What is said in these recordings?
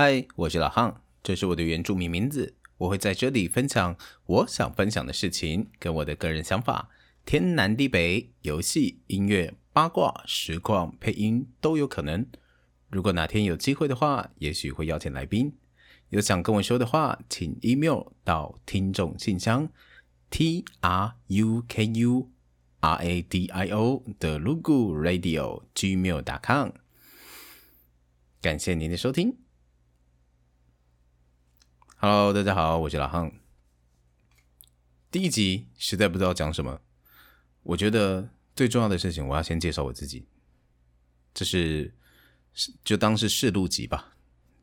嗨，Hi, 我是老漢，這是我的原住民名字。我會在這裡分享我想分享的事情跟我的個人想法，天南地北，遊戲、音樂、八卦、實況、配音都有可能。如果哪天有機會的話，也許會邀請來賓。有想跟我說的話，請 email 到聽眾信箱，t r u k u r a d i o 的 lugu radio gmail.com。感謝您的收聽。Hello，大家好，我是拉罕。第一集實在不知道講什麼，我覺得最重要的事情，我要先介紹我自己，這是就當是試錄集吧。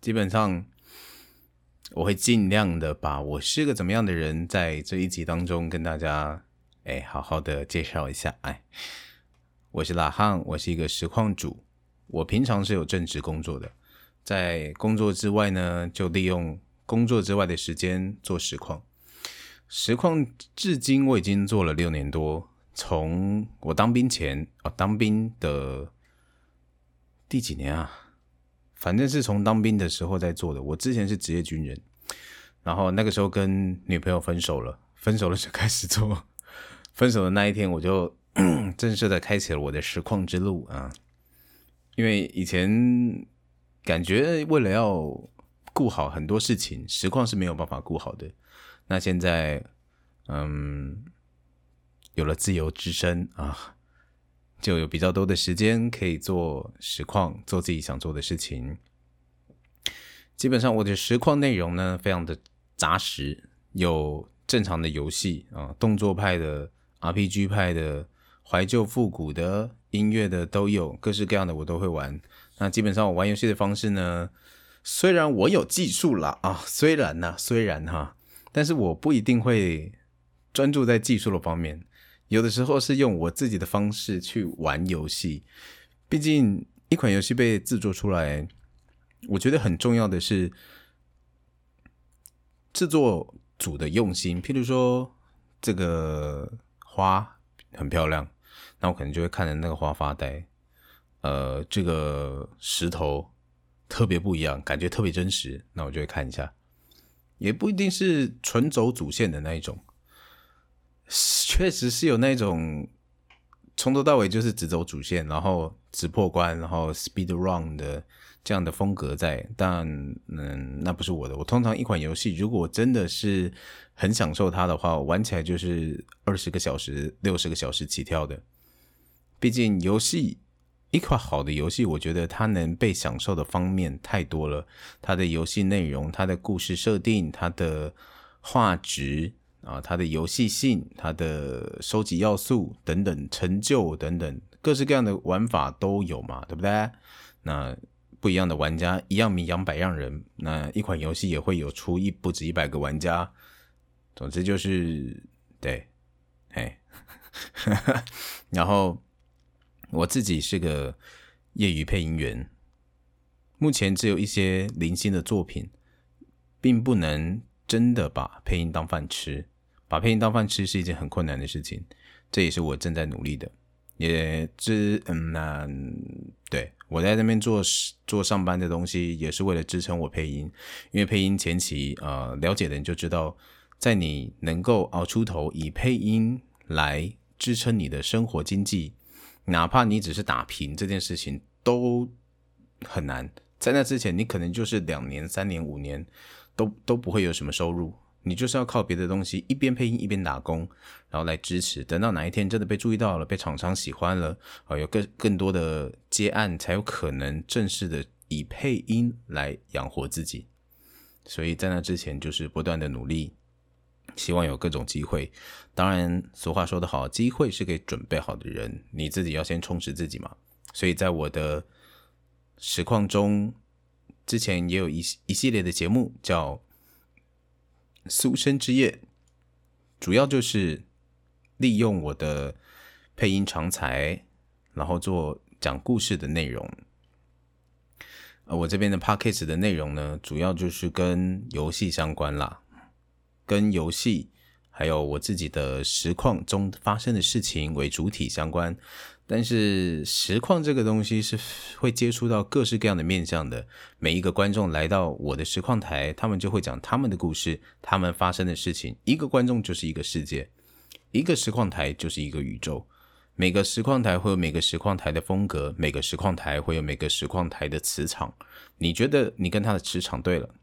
基本上我會盡量的把我是個怎麼樣的人，在這一集當中跟大家哎、欸、好好的介紹一下。哎，我是拉罕，我是一個實況主，我平常是有正職工作的，在工作之外呢，就利用。工作之外的時間做實況。實況至今我已經做了六年多，從我當兵前，哦、當兵的第幾年啊，反正是從當兵的時候在做的。我之前是職業軍人，然後那個時候跟女朋友分手了，分手了就開始做，分手的那一天我就 正式的開啟了我的實況之路啊，因為以前感覺為了要。顧好很多事情，實況是沒有辦法顧好的。那現在，嗯，有了自由之身啊，就有比較多的時間可以做實況，做自己想做的事情。基本上我的實況內容呢，非常的雜實，有正常的遊戲啊，動作派的、RPG 派的、懷舊復古的、音樂的都有，各式各樣的我都會玩。那基本上我玩遊戲的方式呢，雖然我有技術了啊，雖然呢、啊，雖然哈、啊，但是我不一定會專注在技術的方面，有的時候是用我自己的方式去玩遊戲。畢竟一款遊戲被製作出來，我覺得很重要的是製作組的用心。譬如說這個花很漂亮，那我可能就會看着那個花發呆。呃，這個石頭。特別不一樣，感覺特別真實，那我就會看一下，也不一定是純走主線的那一種，確實是有那種從頭到尾就是只走主線，然後只破關，然後 speed run 的這樣的風格在，但嗯，那不是我的。我通常一款遊戲，如果真的是很享受它的話，我玩起來就是二十個小時、六十個小時起跳的，畢竟遊戲。一款好的遊戲，我覺得它能被享受的方面太多了。它的遊戲內容、它的故事設定、它的畫質啊、它的遊戲性、它的收集要素等等、成就等等，各式各樣的玩法都有嘛，對不對？那不一樣的玩家，一樣米養百樣人，那一款遊戲也會有出一不止一百個玩家。總之就是對，哎， 然後。我自己是個業餘配音員，目前只有一些零星的作品，並不能真的把配音當飯吃。把配音當飯吃是一件很困難的事情，這也是我正在努力的。也知，嗯、啊，那對我在那邊做做上班的東西，也是為了支撐我配音。因為配音前期啊、呃，了解的人就知道，在你能夠熬出頭，以配音來支撐你的生活經濟。哪怕你只是打平這件事情都很難，在那之前你可能就是兩年、三年、五年都都不會有什麼收入，你就是要靠別的東西一邊配音一邊打工，然後來支持。等到哪一天真的被注意到了，被廠商喜歡了，啊、呃，有更更多的接案，才有可能正式的以配音來養活自己。所以在那之前就是不斷的努力。希望有各種機會，當然俗話說得好，機會是給準備好的人，你自己要先充實自己嘛。所以在我的實況中，之前也有一一系列的節目叫《蘇生之夜》，主要就是利用我的配音長才，然後做講故事的內容。呃，我這邊的 Podcast 的內容呢，主要就是跟遊戲相關啦。跟遊戲，還有我自己的實況中發生的事情為主體相關，但是實況這個東西是會接觸到各式各樣的面向的。每一個觀眾來到我的實況台，他們就會講他們的故事，他們發生的事情。一個觀眾就是一個世界，一個實況台就是一個宇宙。每個實況台會有每個實況台的風格，每個實況台會有每個實況台的磁場。你覺得你跟他的磁場對了？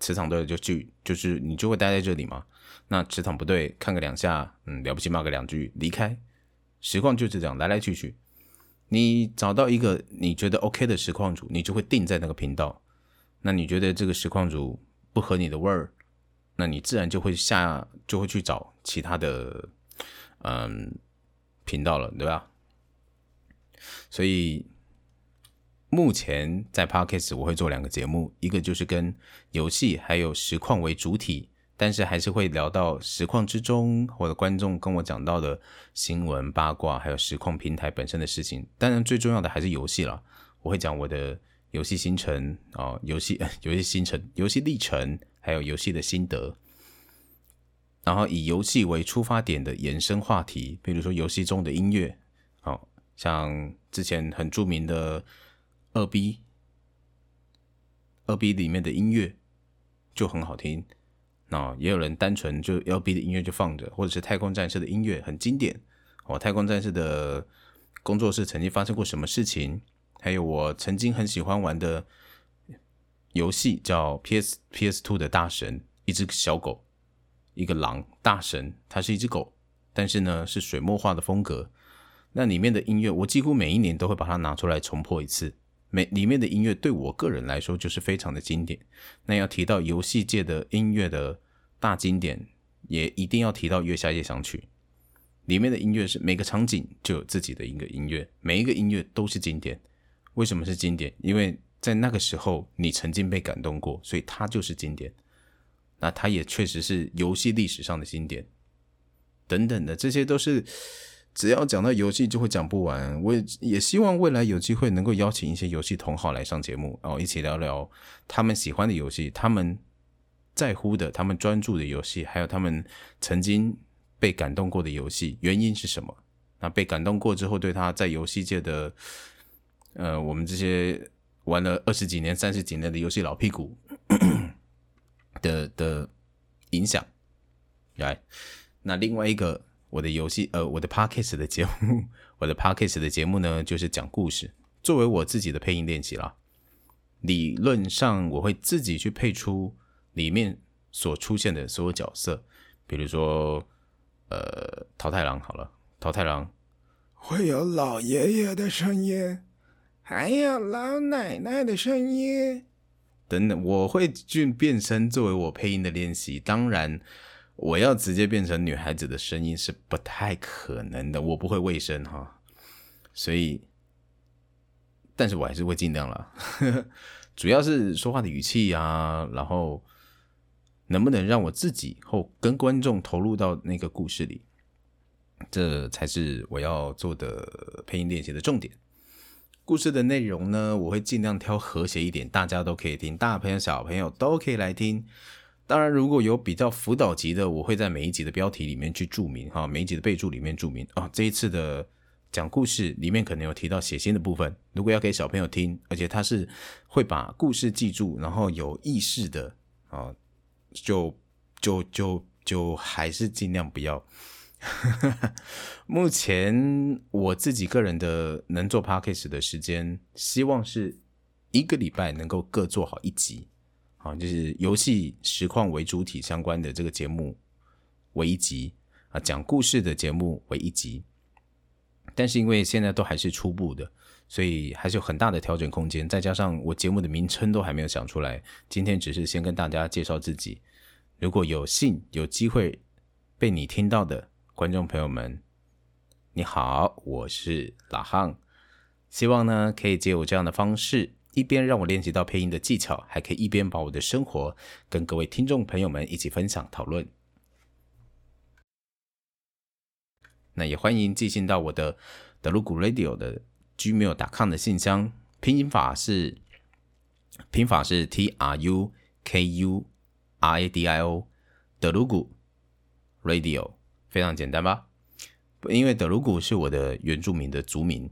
磁場對就，就就就是你就會待在這裡嘛。那磁場不對，看個兩下，嗯，了不起罵個兩句，離開。實況就是這樣來來去去。你找到一個你覺得 OK 的實況主，你就會定在那個頻道。那你覺得這個實況主不合你的味兒，那你自然就會下，就會去找其他的嗯頻道了，對吧？所以。目前在 Podcast，我會做兩個節目，一個就是跟遊戲還有實況為主體，但是還是會聊到實況之中，或者觀眾跟我講到的新聞八卦，還有實況平台本身的事情。當然最重要的還是遊戲啦，我會講我的遊戲行程哦，遊戲遊戲行程、遊戲歷程，還有遊戲的心得。然後以遊戲為出發點的延伸話題，比如說遊戲中的音樂，像之前很著名的。二 B，二 B 裡面的音樂就很好聽。那也有人單純就 LB 的音樂就放着，或者是《太空戰士》的音樂很經典。我《太空戰士》的工作室曾經發生過什麼事情？還有我曾經很喜歡玩的遊戲叫 PS PS Two 的大神，一隻小狗，一個狼，大神，它是一隻狗，但是呢是水墨畫的風格。那裡面的音樂，我幾乎每一年都會把它拿出來重播一次。每裡面的音樂對我個人來說就是非常的經典。那要提到遊戲界的音樂的大經典，也一定要提到《月下夜想曲》裡面的音樂，是每個場景就有自己的一個音樂，每一個音樂都是經典。為什麼是經典？因為在那個時候你曾經被感動過，所以它就是經典。那它也確實是遊戲歷史上的經典，等等的，這些都是。只要講到遊戲，就會講不完。我也也希望未來有機會能夠邀請一些遊戲同好來上節目，然後，哦，一起聊聊他們喜歡的遊戲、他們在乎的、他們專注的遊戲，還有他們曾經被感動過的遊戲，原因是什麼？那被感動過之後，對他在遊戲界的，呃，我們這些玩了二十幾年、三十幾年的遊戲老屁股的的影響，來，那另外一個。我的遊戲，呃，我的 Podcast 的節目，我的 Podcast 的節目呢，就是講故事，作為我自己的配音練習啦，理論上，我會自己去配出裡面所出現的所有角色，比如說，呃，桃太郎好了，桃太郎，會有老爺爺的聲音，還有老奶奶的聲音。等等，我會去變身作為我配音的練習，當然。我要直接變成女孩子的聲音是不太可能的，我不會衛生哈，所以，但是我還是會盡量啦，呵呵，主要是說話的語氣呀，然後能不能讓我自己後跟觀眾投入到那個故事裡，這才是我要做的配音練習的重點。故事的內容呢，我會盡量挑和諧一點，大家都可以聽，大朋友小朋友都可以來聽。當然，如果有比較輔導級的，我會在每一集的標題裡面去註明，每一集的備註裡面註明、哦、這一次的講故事裡面可能有提到血腥的部分，如果要給小朋友聽，而且他是會把故事記住，然後有意識的，、哦、就就就就還是盡量不要。 目前我自己個人的能做 podcast 的時間，希望是一個禮拜能夠各做好一集。好，就是遊戲實況為主體相關的這個節目為一集啊，講故事的節目為一集。但是因為現在都還是初步的，所以還是有很大的調整空間。再加上我節目的名稱都還沒有想出來，今天只是先跟大家介紹自己。如果有幸有機會被你聽到的觀眾朋友們，你好，我是老漢，希望呢可以借我這樣的方式，一邊讓我練習到配音的技巧，還可以一邊把我的生活跟各位聽眾朋友們一起分享討論。那也歡迎寄信到我的德魯固 Radio 的 gmail.com 的信箱，拼音法是拼法是 T R U K U R A D I O，德魯固 Radio 非常簡單吧？因為德魯固是我的原住民的族名。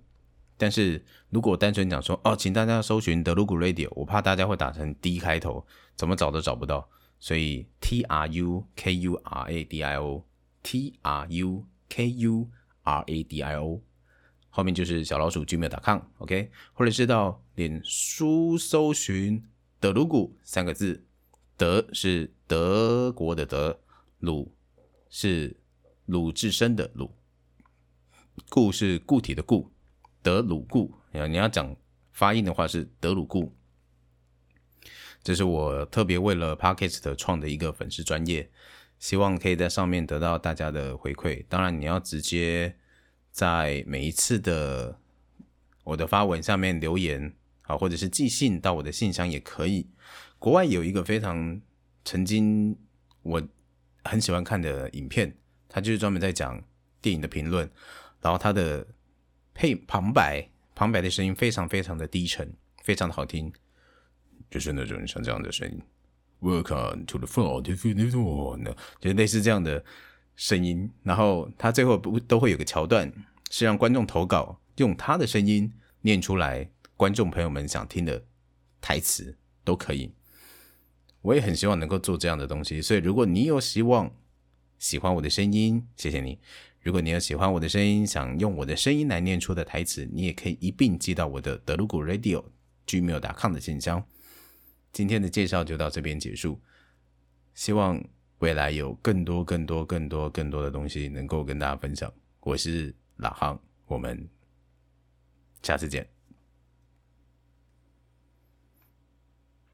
但是如果單純講說哦，請大家搜尋德魯固 Radio，我怕大家會打成 D 開頭，怎麼找都找不到。所以 T R U K U R A D I O，T R U K U R A D I O，後面就是小老鼠 gmail.com，OK，OK？或者是到臉書搜尋德魯固三個字，德是德國的德，魯是魯智深的魯，固是固體的固。德魯固，你要講發音的話是德魯固，這是我特別為了 podcast 創的一個粉絲專頁，希望可以在上面得到大家的回饋。當然，你要直接在每一次的我的發文下面留言啊，或者是寄信到我的信箱也可以。國外有一個非常曾經我很喜歡看的影片，它就是專門在講電影的評論，然後它的。嘿，hey, 旁白，旁白的聲音非常非常的低沉，非常的好聽，就是那種像這樣的聲音。Welcome to the forest is what? 就類似這樣的聲音。然後他最後不都會有個橋段，是讓觀眾投稿，用他的聲音念出來觀眾朋友們想聽的台詞都可以。我也很希望能夠做這樣的東西，所以如果你有希望喜歡我的聲音，謝謝你。如果你有喜歡我的聲音，想用我的聲音來念出的台詞，你也可以一並寄到我的德魯固 radio gmail.com 的信箱。今天的介紹就到這邊結束，希望未來有更多、更多、更多、更多的東西能夠跟大家分享。我是拉漢，我們下次見。